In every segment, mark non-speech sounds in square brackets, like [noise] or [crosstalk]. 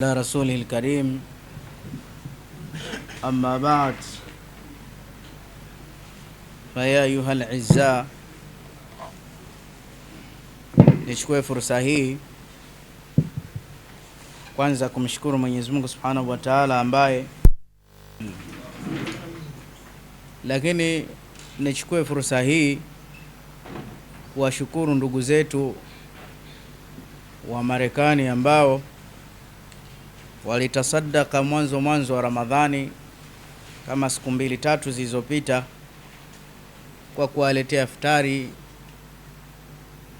la رسوله lkarim أما بعد فيا أيها الأعزاء nichukue fursa hii kwanza kumshukuru Mwenyezi Mungu Subhanahu wa Ta'ala ambaye, lakini nichukue fursa hii kuwashukuru ndugu zetu wa Marekani ambao walitasadaka mwanzo mwanzo wa Ramadhani kama siku mbili tatu zilizopita, kwa kuwaletea iftari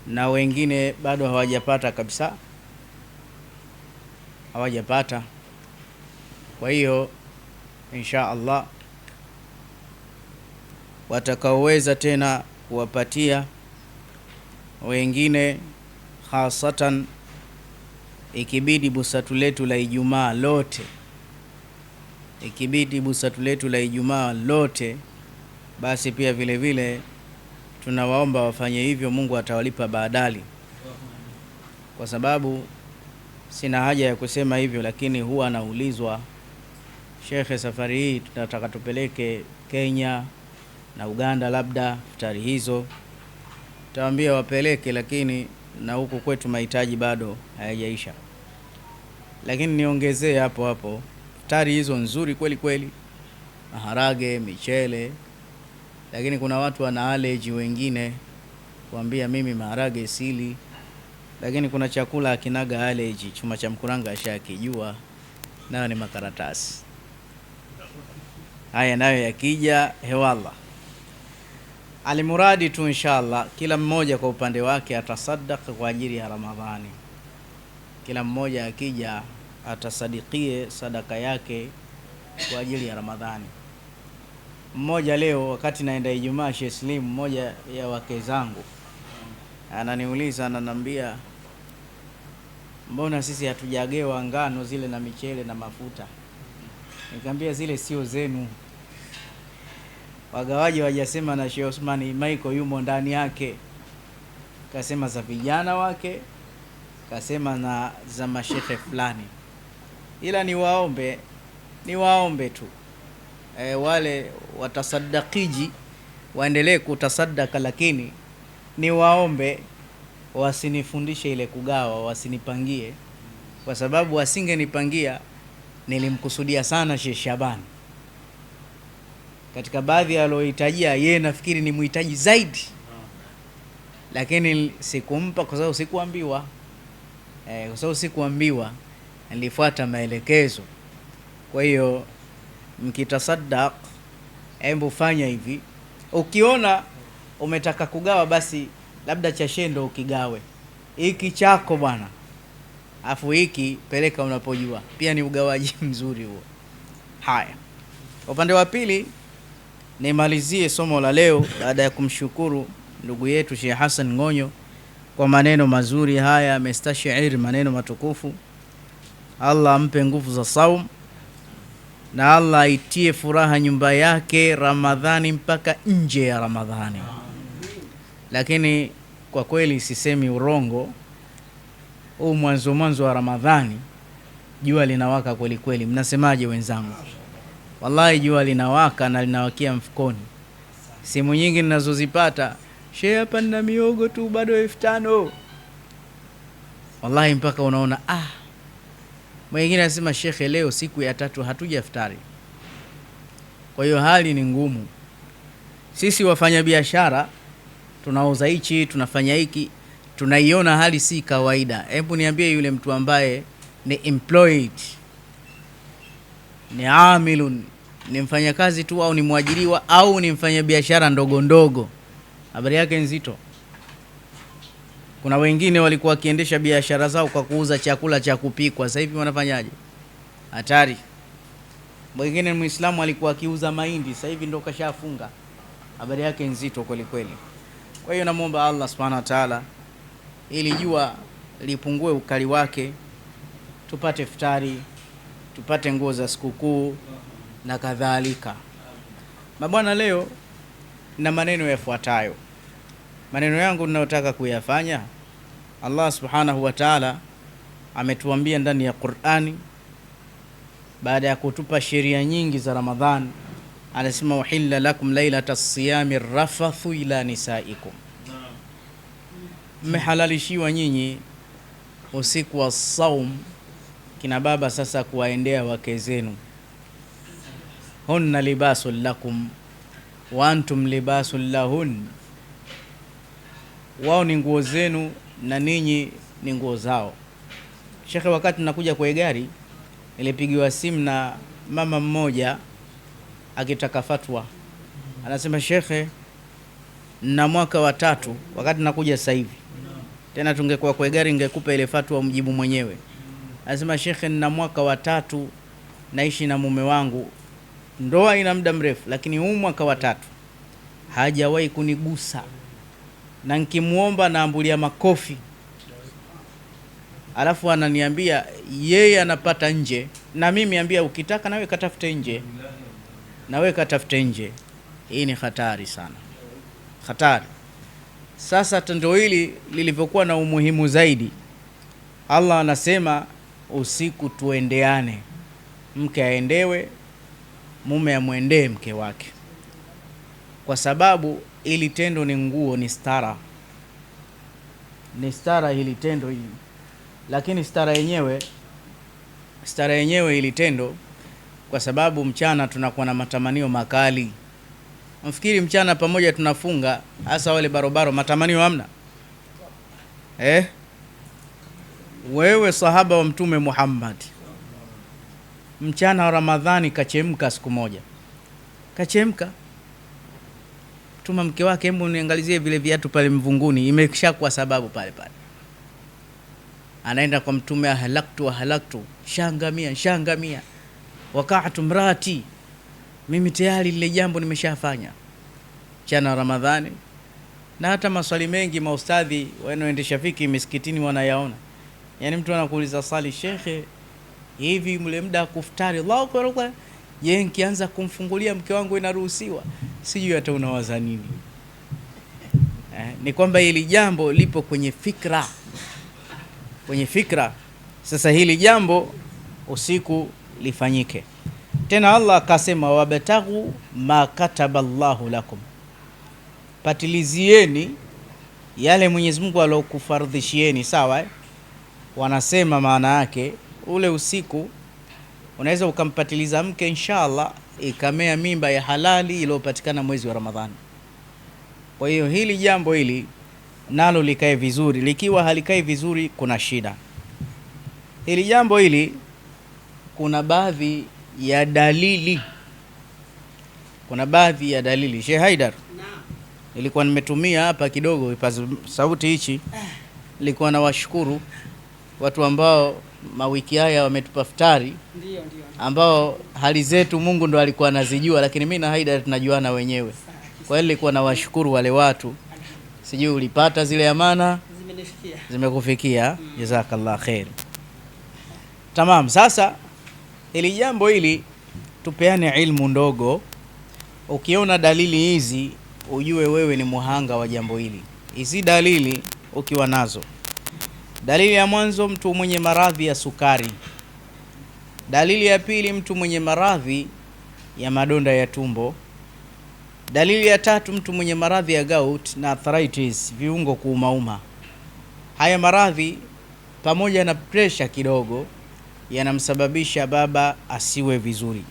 na wengine bado hawajapata kabisa, hawajapata. Kwa hiyo insha Allah watakaoweza tena kuwapatia wengine hasatan ikibidi busatu letu la Ijumaa lote ikibidi busatu letu la Ijumaa lote, basi pia vile vile tunawaomba wafanye hivyo. Mungu atawalipa baadali, kwa sababu sina haja ya kusema hivyo, lakini huwa anaulizwa shekhe, safari hii tunataka tupeleke Kenya na Uganda, labda futari hizo, tawambia wapeleke, lakini na huku kwetu mahitaji bado hayajaisha. Lakini niongezee hapo hapo iftari hizo nzuri kweli kweli, maharage, michele, lakini kuna watu wana allergy wengine kuambia mimi maharage sili, lakini kuna chakula akinaga allergy, chuma cha mkuranga ashakijua, nayo ni makaratasi haya, nayo yakija hewala Alimuradi tu inshallah, kila mmoja kwa upande wake atasadaka kwa ajili ya Ramadhani. Kila mmoja akija atasadikie sadaka yake kwa ajili ya Ramadhani. Mmoja leo wakati naenda Ijumaa, Sheikh Slim, mmoja ya wake zangu ananiuliza, ananambia mbona sisi hatujagewa ngano zile na michele na mafuta? Nikamwambia zile sio zenu wagawaji wajasema na Sheikh Osman Michael yumo ndani yake, kasema za vijana wake, kasema na za mashehe fulani, ila niwaombe niwaombe tu e, wale watasadakiji waendelee kutasadaka, lakini niwaombe wasinifundishe ile kugawa, wasinipangie, kwa sababu wasingenipangia nilimkusudia sana Sheikh Shabani katika baadhi ya aliohitajia yeye nafikiri ni muhitaji zaidi, lakini sikumpa kwa sababu sikuambiwa, eh, kwa sababu sikuambiwa, nilifuata maelekezo. Kwa hiyo mkitasaddaq, hebu fanya hivi, ukiona umetaka kugawa, basi labda cha shendo ukigawe hiki chako bwana, afu hiki peleka unapojua. Pia ni ugawaji [laughs] mzuri huo. Haya, upande wa pili Nimalizie somo la leo baada ya kumshukuru ndugu yetu Sheikh Hassan Ng'onyo kwa maneno mazuri haya, amestashairi maneno matukufu. Allah ampe nguvu za saum na Allah aitie furaha nyumba yake Ramadhani mpaka nje ya Ramadhani. Lakini kwa kweli sisemi urongo, huu mwanzo mwanzo wa Ramadhani jua linawaka kweli kweli. Mnasemaje wenzangu? wallahi jua linawaka na linawakia mfukoni. Simu nyingi ninazozipata, shehe, hapa nina miogo tu bado elfu tano wallahi, mpaka unaona ah. Mwingine anasema shekhe, leo siku ya tatu hatuja iftari. Kwa hiyo hali ni ngumu. Sisi wafanyabiashara tunauza hichi tunafanya hiki, tunaiona hali si kawaida. Hebu niambie yule mtu ambaye ni employed ni amilun, ni mfanyakazi tu au ni mwajiriwa au ni mfanyabiashara ndogo ndogo, habari yake nzito. Kuna wengine walikuwa wakiendesha biashara zao kwa kuuza chakula cha kupikwa, sasa hivi wanafanyaje? Hatari. Mwingine Muislamu alikuwa akiuza mahindi, sasa hivi ndo kashafunga, habari yake nzito kweli kweli. Kwa hiyo namwomba Allah subhanahu wa taala ili jua lipungue ukali wake, tupate futari tupate nguo za sikukuu na kadhalika. Mabwana, leo na maneno yafuatayo, maneno yangu ninayotaka kuyafanya. Allah subhanahu wa taala ametuambia ndani ya Qur'ani, baada ya kutupa sheria nyingi za Ramadhan, anasema uhilla lakum lailata siyami rafathu ila nisaikum, mmehalalishiwa nyinyi usiku wa saum kina baba sasa kuwaendea wake zenu, hunna libasu lakum wa antum libasu lahun, wao ni nguo zenu na ninyi ni nguo zao. Shekhe, wakati nakuja kwa gari nilipigiwa simu na mama mmoja akitaka fatwa, anasema shekhe, na mwaka wa tatu wakati nakuja sasa hivi tena, tungekuwa kwa gari ningekupa ile fatwa mjibu mwenyewe Anasema shekhe, nina mwaka wa tatu naishi na mume wangu, ndoa ina muda mrefu, lakini huu mwaka wa tatu hajawahi kunigusa, na nikimwomba naambulia makofi, alafu ananiambia yeye anapata nje, na mimi ambia, ukitaka nawe katafute nje, nawe katafute nje. Hii ni hatari sana, hatari. Sasa tendo hili lilivyokuwa na umuhimu zaidi, Allah anasema usiku tuendeane, mke aendewe, mume amwendee mke wake, kwa sababu ili tendo ni nguo, ni stara, ni stara hili tendo hili. Lakini stara yenyewe, stara yenyewe hili tendo, kwa sababu mchana tunakuwa na matamanio makali. Mfikiri mchana pamoja tunafunga, hasa wale barobaro, matamanio hamna eh? wewe sahaba wa Mtume Muhammad, mchana wa Ramadhani kachemka siku moja, kachemka tuma mke wake, hebu niangalizie vile viatu pale mvunguni, imeshakuwa sababu pale pale. Anaenda kwa Mtume, ahlaktu ahlaktu, shangamia shangamia, wakaatu mrati, mimi tayari lile jambo nimeshafanya mchana wa Ramadhani. Na hata maswali mengi maustadhi wanaoendesha fiki misikitini wanayaona Yaani mtu anakuuliza sali shekhe, hivi mle muda kuftari Allahu akbar, je, nikianza kumfungulia mke wangu inaruhusiwa? Sijui hata unawaza nini eh? Ni kwamba hili jambo lipo kwenye fikra, kwenye fikra. Sasa hili jambo usiku lifanyike tena. Allah akasema, wabtaghu ma kataba Allahu lakum, patilizieni yale Mwenyezi Mungu alokufardhishieni. Sawa eh? wanasema maana yake ule usiku unaweza ukampatiliza mke inshallah, ikamea mimba ya halali iliyopatikana mwezi wa Ramadhani. Kwa hiyo hili jambo hili nalo likae vizuri, likiwa halikae vizuri kuna shida. Hili jambo hili kuna baadhi ya dalili, kuna baadhi ya dalili. Sheikh Haidar, nilikuwa nimetumia hapa kidogo vipaza sauti hichi, nilikuwa nawashukuru watu ambao mawiki haya wametupa futari, ambao hali zetu Mungu ndo alikuwa anazijua, lakini mimi na Haida tunajuana wenyewe. Kwa hiyo nilikuwa nawashukuru wale watu, sijui ulipata zile amana zimekufikia. Mm. Jazakallah khair. Tamam, sasa ili jambo hili tupeane ilmu ndogo. Ukiona dalili hizi, ujue wewe ni muhanga wa jambo hili. Hizi dalili ukiwa nazo Dalili ya mwanzo, mtu mwenye maradhi ya sukari. Dalili ya pili, mtu mwenye maradhi ya madonda ya tumbo. Dalili ya tatu, mtu mwenye maradhi ya gout na arthritis, viungo kuumauma. Haya maradhi pamoja na presha kidogo yanamsababisha baba asiwe vizuri.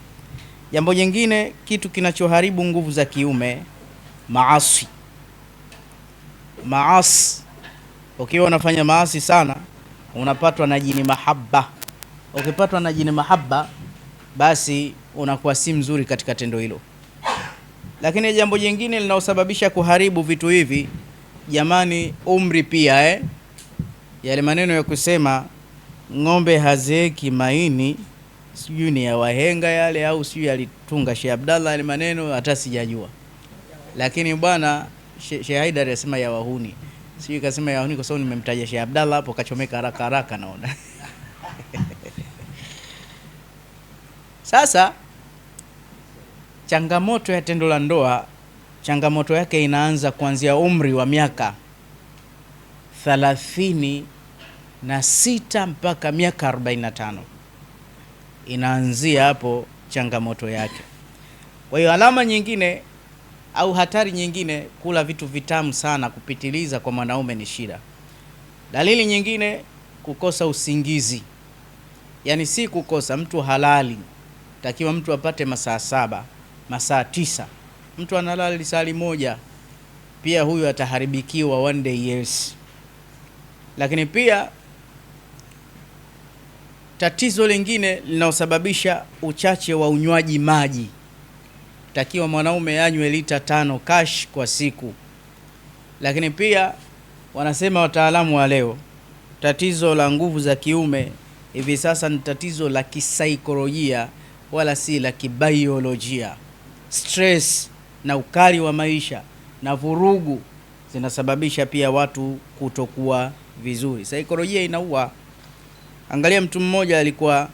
Jambo jingine, kitu kinachoharibu nguvu za kiume, maasi maasi ukiwa unafanya maasi sana unapatwa na jini mahaba. Ukipatwa na jini mahaba, basi unakuwa si mzuri katika tendo hilo. Lakini jambo jingine linalosababisha kuharibu vitu hivi, jamani, umri pia eh? Yale maneno ya kusema ng'ombe hazeeki maini, sijui ni ya wahenga yale au sijui alitunga Sheikh Abdallah, yale maneno hata sijajua, lakini bwana Sheikh Haidar alisema ya wahuni Sijui kasema Yahuni kwa sababu nimemtaja Sheikh abdallah hapo kachomeka haraka haraka naona. Sasa changamoto ya tendo la ndoa, changamoto yake inaanza kuanzia umri wa miaka thalathini na sita mpaka miaka tano inaanzia hapo changamoto yake. Kwa hiyo alama nyingine au hatari nyingine, kula vitu vitamu sana kupitiliza kwa mwanaume ni shida. Dalili nyingine, kukosa usingizi, yaani si kukosa, mtu halali takiwa mtu apate masaa saba masaa tisa, mtu analali sali moja, pia huyu ataharibikiwa one day yes. Lakini pia tatizo lingine linalosababisha uchache wa unywaji maji takiwa mwanaume anywe lita tano kash kwa siku. Lakini pia wanasema wataalamu wa leo, tatizo la nguvu za kiume hivi sasa ni tatizo la kisaikolojia wala si la kibaiolojia. Stress na ukali wa maisha na vurugu zinasababisha pia watu kutokuwa vizuri. Saikolojia inaua. Angalia, mtu mmoja alikuwa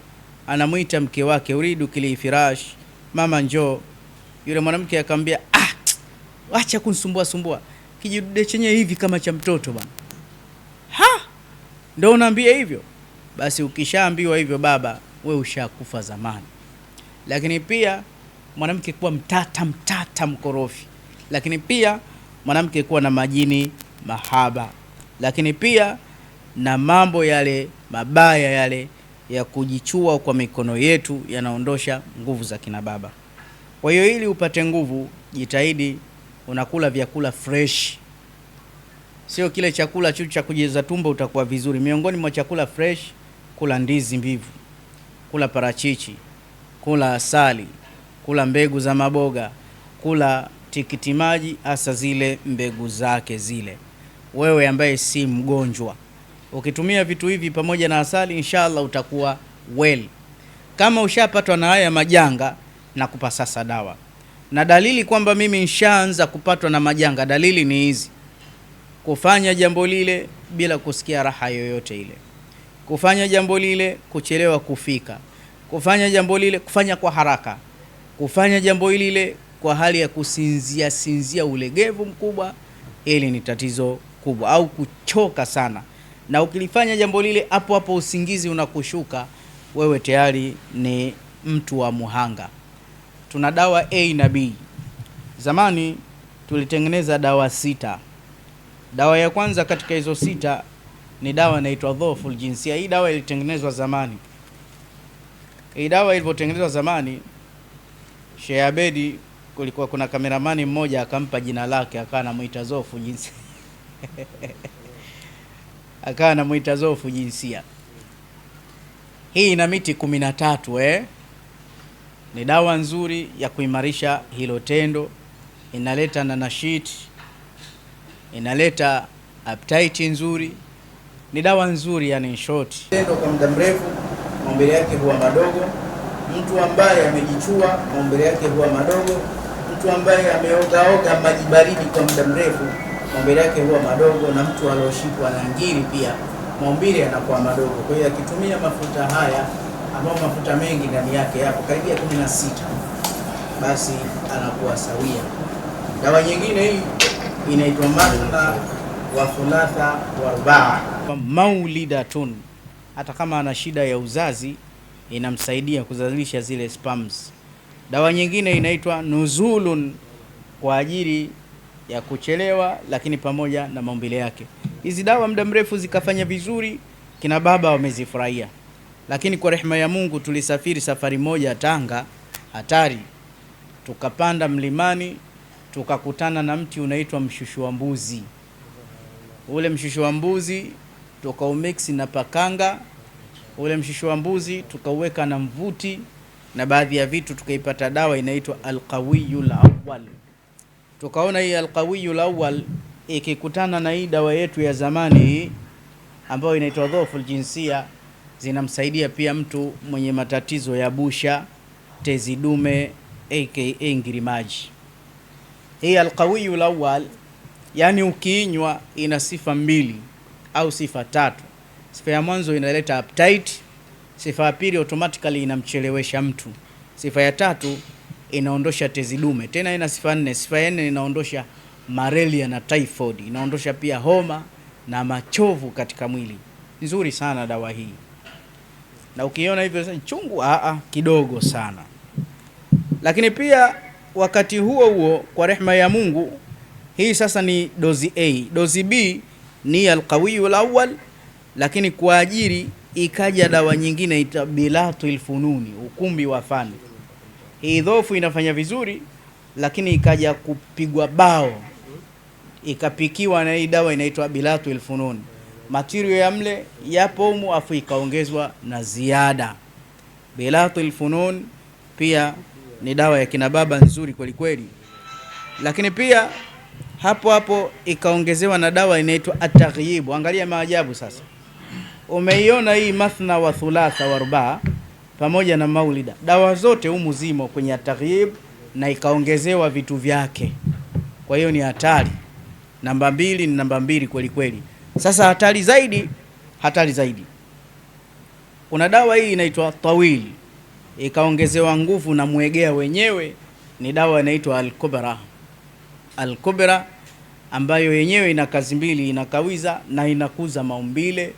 anamwita mke wake, uridu kili firash, mama njoo yule mwanamke akamwambia, ah, acha kunisumbua sumbua, kijidude chenye hivi kama cha mtoto bwana. Ha, ndio unaambia hivyo? Basi ukishaambiwa hivyo baba, we ushakufa zamani. Lakini pia mwanamke kuwa mtata mtata mkorofi, lakini pia mwanamke kuwa na majini mahaba, lakini pia na mambo yale mabaya yale ya kujichua kwa mikono yetu yanaondosha nguvu za kina baba. Kwa hiyo ili upate nguvu, jitahidi unakula vyakula fresh, sio kile chakula chu cha kujeza tumbo, utakuwa vizuri. Miongoni mwa chakula fresh, kula ndizi mbivu, kula parachichi, kula asali, kula mbegu za maboga, kula tikiti maji, hasa zile mbegu zake zile. Wewe ambaye si mgonjwa, ukitumia vitu hivi pamoja na asali, inshallah utakuwa well. Kama ushapatwa na haya majanga nakupa sasa dawa. Na dalili kwamba mimi nshaanza kupatwa na majanga, dalili ni hizi: kufanya jambo lile bila kusikia raha yoyote ile, kufanya jambo lile kuchelewa kufika, kufanya jambo lile kufanya kwa haraka, kufanya jambo lile kwa hali ya kusinzia sinzia, ulegevu mkubwa. ili ni tatizo kubwa, au kuchoka sana, na ukilifanya jambo lile hapo hapo usingizi unakushuka wewe, tayari ni mtu wa muhanga tuna dawa A na B. Zamani tulitengeneza dawa sita. Dawa ya kwanza katika hizo sita ni dawa inaitwa dhoful jinsia. Hii dawa ilitengenezwa zamani. Hii dawa ilivyotengenezwa zamani, Sheikh Abedi, kulikuwa kuna kameramani mmoja akampa jina lake, akawa anamuita zofu jinsia [laughs] akawa anamuita zofu jinsia. Hii ina miti kumi na tatu eh? ni dawa nzuri ya kuimarisha hilo tendo, inaleta na inaleta appetite nzuri, ni dawa nzuri yani in short. Tendo kwa muda mrefu maumbile yake huwa madogo. Mtu ambaye amejichua maumbile yake huwa madogo. Mtu ambaye ameogaoga maji baridi kwa muda mrefu maumbile yake huwa madogo, na mtu alioshikwa na ngiri pia maumbile yanakuwa madogo. Kwa hiyo akitumia mafuta haya ambao mafuta mengi ndani yake yapo karibia kumi na sita, basi anakuwa sawia. Dawa nyingine hii inaitwa matna wa thulatha wa rubaa maulidatun, hata kama ana shida ya uzazi inamsaidia kuzalisha zile spams. Dawa nyingine inaitwa nuzulun kwa ajili ya kuchelewa, lakini pamoja na maumbile yake. Hizi dawa muda mrefu zikafanya vizuri, kina baba wamezifurahia lakini kwa rehema ya Mungu tulisafiri safari moja Tanga hatari, tukapanda mlimani tukakutana na mti unaitwa mshushu wa mbuzi. Ule mshushu wa mbuzi tukaumix na pakanga, ule mshushu wa mbuzi tukauweka na mvuti na baadhi ya vitu, tukaipata dawa inaitwa alqawiyul awwal. Tukaona hii alqawiyul awwal ikikutana na hii dawa yetu ya zamani hii ambayo inaitwa dhoful jinsia zinamsaidia pia mtu mwenye matatizo ya busha, tezi dume aka ngirimaji. Hii alqawiyu lawal, yani ukiinywa ina sifa mbili au sifa tatu. Sifa ya mwanzo inaleta appetite, sifa ya pili automatically inamchelewesha mtu, sifa ya tatu inaondosha tezi dume, tena ina sifa nne. Sifa ya nne inaondosha malaria na typhoid, inaondosha pia homa na machovu katika mwili. Nzuri sana dawa hii na ukiona hivyo chungu, aa, ah, ah, kidogo sana. Lakini pia wakati huo huo, kwa rehma ya Mungu, hii sasa ni dozi A. Dozi B ni alqawiyu alawwal, lakini kwa ajili ikaja dawa nyingine itabdilatu ilfununi, ukumbi wa fani. Hii dhofu inafanya vizuri, lakini ikaja kupigwa bao, ikapikiwa na hii dawa inaitwa bilatu ilfununi material ya mle yapo humu, afu ikaongezwa na ziada. Bilatul funun pia ni dawa ya kina baba nzuri kweli kweli, lakini pia hapo hapo ikaongezewa na dawa inaitwa ataghyibu. Angalia maajabu sasa, umeiona hii mathna wa thulatha wa rubaa pamoja na maulida, dawa zote humu zimo kwenye ataghyibu na ikaongezewa vitu vyake. Kwa hiyo ni hatari. Namba mbili ni namba mbili kweli kweli. Sasa hatari zaidi, hatari zaidi, kuna dawa hii inaitwa tawili, ikaongezewa nguvu na mwegea wenyewe, ni dawa inaitwa alkubra, alkubra ambayo yenyewe ina kazi mbili, inakawiza na inakuza maumbile,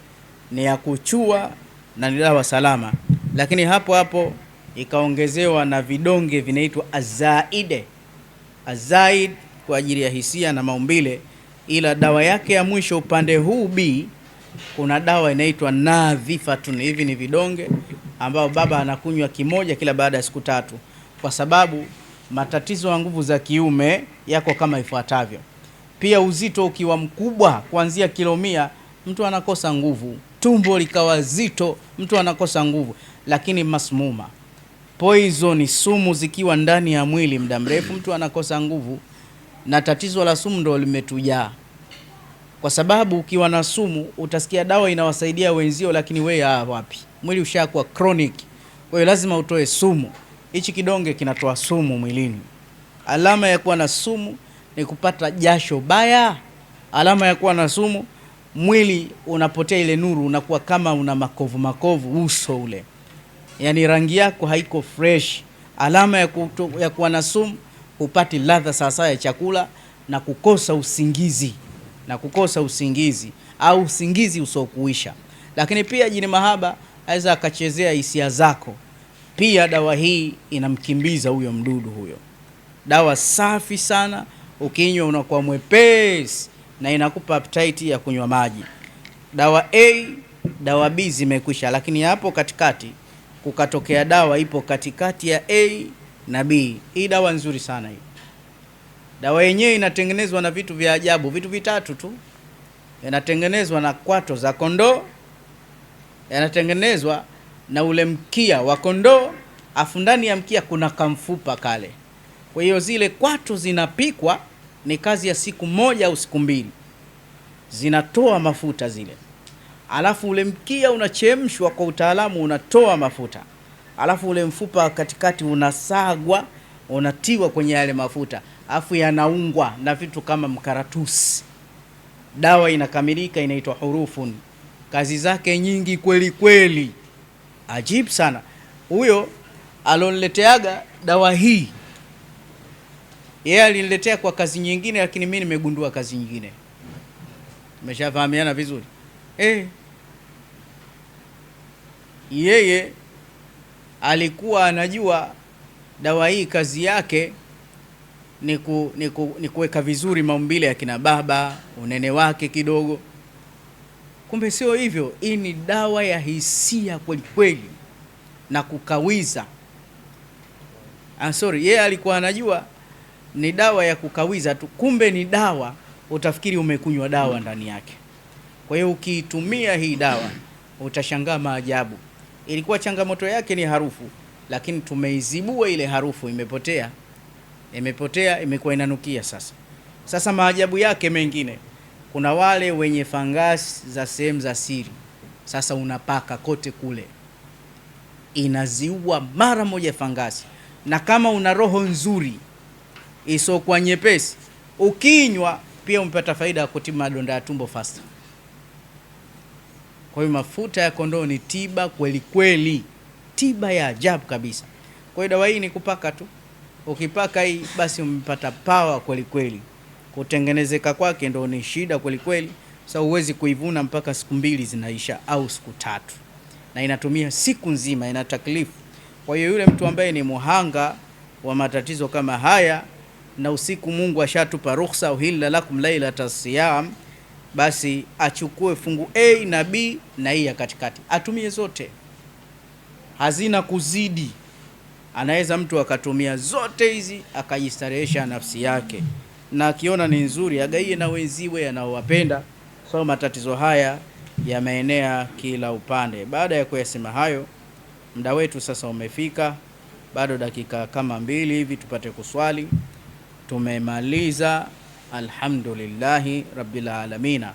ni ya kuchua na ni dawa salama. Lakini hapo hapo ikaongezewa na vidonge vinaitwa azaide, azaid kwa ajili ya hisia na maumbile ila dawa yake ya mwisho upande huu B kuna dawa inaitwa nadhifatun. Hivi ni vidonge ambao baba anakunywa kimoja kila baada ya siku tatu, kwa sababu matatizo ya nguvu za kiume yako kama ifuatavyo. Pia uzito ukiwa mkubwa kuanzia kilo mia, mtu anakosa nguvu. Tumbo likawa zito, mtu anakosa nguvu. Lakini masmuma, poison, sumu zikiwa ndani ya mwili muda mrefu, mtu anakosa nguvu na tatizo la sumu ndo limetujaa, kwa sababu ukiwa na sumu utasikia dawa inawasaidia wenzio, lakini wewe ya wapi? Mwili ushakuwa chronic, kwa hiyo lazima utoe sumu. Hichi kidonge kinatoa sumu mwilini. Alama ya kuwa na sumu ni kupata jasho baya. Alama ya kuwa na sumu, mwili unapotea ile nuru, unakuwa kama una makovu makovu uso ule, yani rangi yako haiko fresh. Alama ya, kutu, ya kuwa na sumu hupati ladha sawasawa ya chakula na kukosa usingizi na kukosa usingizi au usingizi usiokuisha. Lakini pia jini mahaba aweza akachezea hisia zako. Pia dawa hii inamkimbiza huyo mdudu huyo. Dawa safi sana, ukinywa unakuwa mwepesi na inakupa appetite ya kunywa maji. Dawa A, dawa B zimekwisha, lakini hapo katikati kukatokea dawa ipo katikati ya A nabii. Hii dawa nzuri sana hii. Dawa yenyewe inatengenezwa na vitu vya ajabu, vitu vitatu tu. Inatengenezwa na kwato za kondoo, yanatengenezwa na ule mkia wa kondoo, afu ndani ya mkia kuna kamfupa kale. Kwa hiyo zile kwato zinapikwa, ni kazi ya siku moja au siku mbili, zinatoa mafuta zile, alafu ule mkia unachemshwa kwa utaalamu, unatoa mafuta alafu ule mfupa katikati unasagwa, unatiwa kwenye yale mafuta, alafu yanaungwa na vitu kama mkaratusi. Dawa inakamilika, inaitwa hurufun. Kazi zake nyingi kweli kweli, ajibu sana. Huyo aloleteaga dawa hii, yeye aliniletea kwa kazi nyingine, lakini mimi nimegundua kazi nyingine. Tumeshafahamiana vizuri eh? yeye alikuwa anajua dawa hii kazi yake ni, ku, ni, ku, ni kuweka vizuri maumbile ya kina baba, unene wake kidogo. Kumbe sio hivyo, hii ni dawa ya hisia kweli kweli na kukawiza. Ah, sorry, yeye alikuwa anajua ni dawa ya kukawiza tu, kumbe ni dawa, utafikiri umekunywa dawa ndani yake. Kwa hiyo ukiitumia hii dawa utashangaa maajabu ilikuwa changamoto yake ni harufu, lakini tumeizibua ile harufu, imepotea imepotea, imekuwa inanukia sasa. Sasa maajabu yake mengine, kuna wale wenye fangasi za sehemu za siri. Sasa unapaka kote kule, inaziua mara moja fangasi, na kama una roho nzuri isokuwa nyepesi, ukinywa pia umepata faida ya kutibu madonda ya tumbo fasta. Kwa hiyo mafuta ya kondoo ni tiba kweli kweli, tiba ya ajabu kabisa. Kwa hiyo dawa hii ni kupaka tu, ukipaka hii basi umepata pawa kweli kweli. Kutengenezeka kwake ndo ni shida kweli kweli, sa huwezi kuivuna mpaka siku mbili zinaisha au siku tatu, na inatumia siku nzima, ina taklifu. Kwa hiyo yule mtu ambaye ni muhanga wa matatizo kama haya na usiku, Mungu ashatupa ruhusa, uhilla lakum lailata siyam basi achukue fungu A na B na hii e ya katikati atumie zote, hazina kuzidi. Anaweza mtu akatumia zote hizi akajistarehesha nafsi yake, na akiona ni nzuri agaie na wenziwe anaowapenda. So matatizo haya yameenea kila upande. Baada ya kuyasema hayo, muda wetu sasa umefika, bado dakika kama mbili hivi tupate kuswali. Tumemaliza alhamdulillahi rabbil alamina.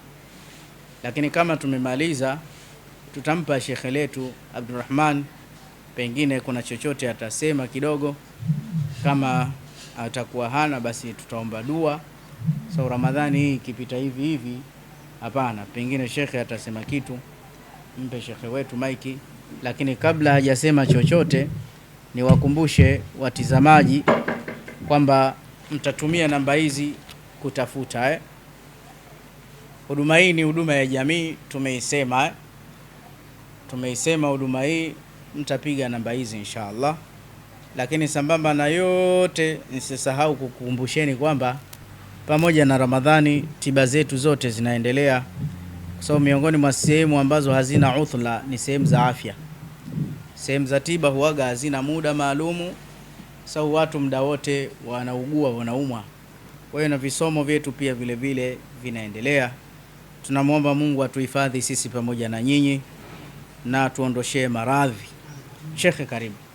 Lakini kama tumemaliza, tutampa shekhe letu Abdurrahman, pengine kuna chochote atasema kidogo. Kama atakuwa hana, basi tutaomba dua. So Ramadhani hii ikipita hivi hivi, hapana, pengine shekhe atasema kitu. Mpe shekhe wetu maiki. Lakini kabla hajasema chochote, niwakumbushe watizamaji kwamba mtatumia namba hizi kutafuta eh. Huduma hii ni huduma ya jamii tumeisema eh. Tumeisema huduma hii mtapiga namba hizi inshallah lakini sambamba na yote nisisahau kukumbusheni kwamba pamoja na Ramadhani tiba zetu zote zinaendelea, kwa sababu miongoni mwa sehemu ambazo hazina uthla ni sehemu za afya. Sehemu za tiba huwaga hazina muda maalumu, sababu watu muda wote wanaugua, wanaumwa. Kwa hiyo na visomo vyetu pia vile vile vinaendelea. Tunamwomba Mungu atuhifadhi sisi pamoja na nyinyi na atuondoshee maradhi. Shekhe, karibu.